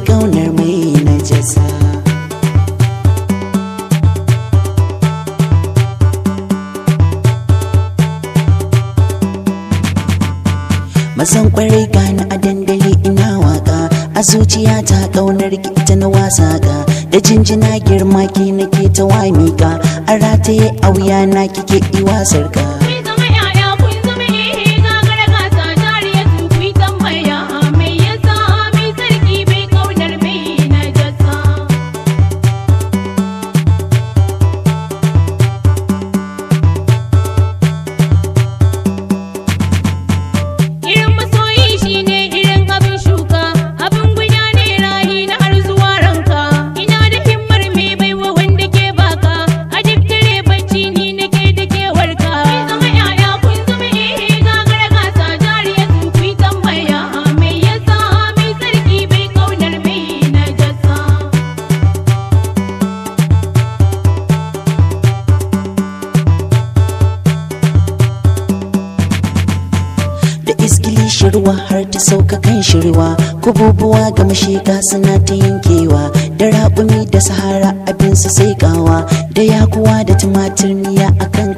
kaunar mai najasa Masan kwarai gani a dandali ina waka a zuciya ta kaunar kita na wasa ga da jinjina girma ki nake ta wamika a rataye a wuya na kike iwasar ka iskili shirwa har ta sauka kan shirwa kububuwa ga mashiga suna ta yankewa da raƙumi da sahara abinsu sai kawa da yakuwa da tumatir miya akan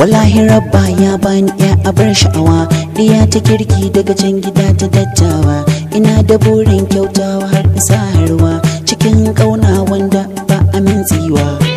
wallahi rabba ya bani ya abar sha'awa ɗiya ta kirki daga can gida ta dattawa ina da burin kyautawa har isa harwa cikin ƙauna wanda ba tsiwa